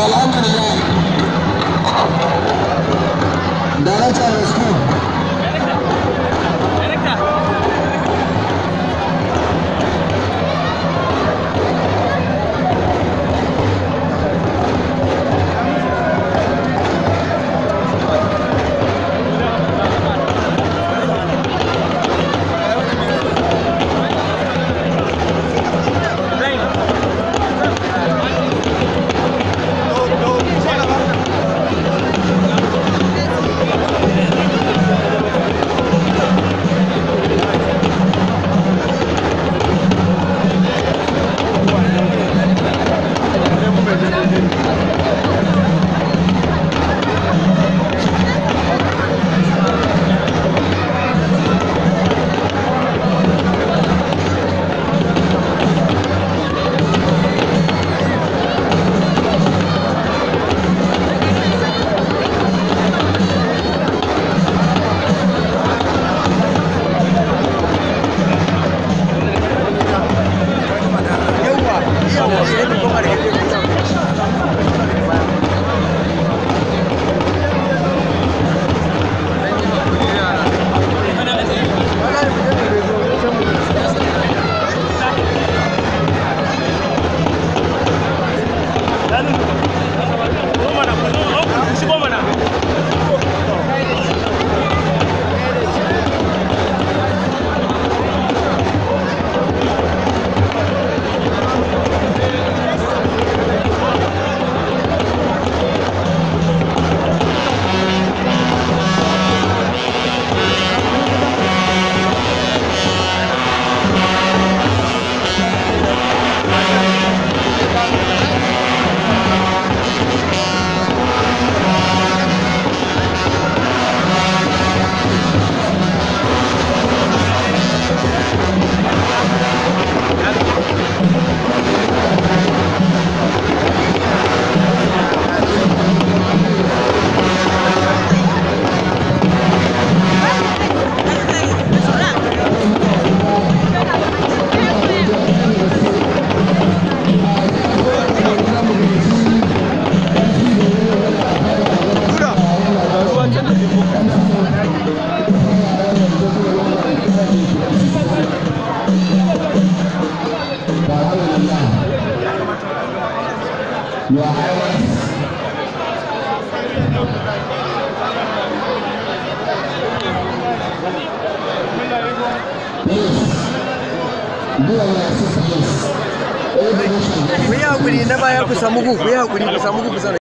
Well, I'm Allah your highways please do our assistance we are never have to ku we are you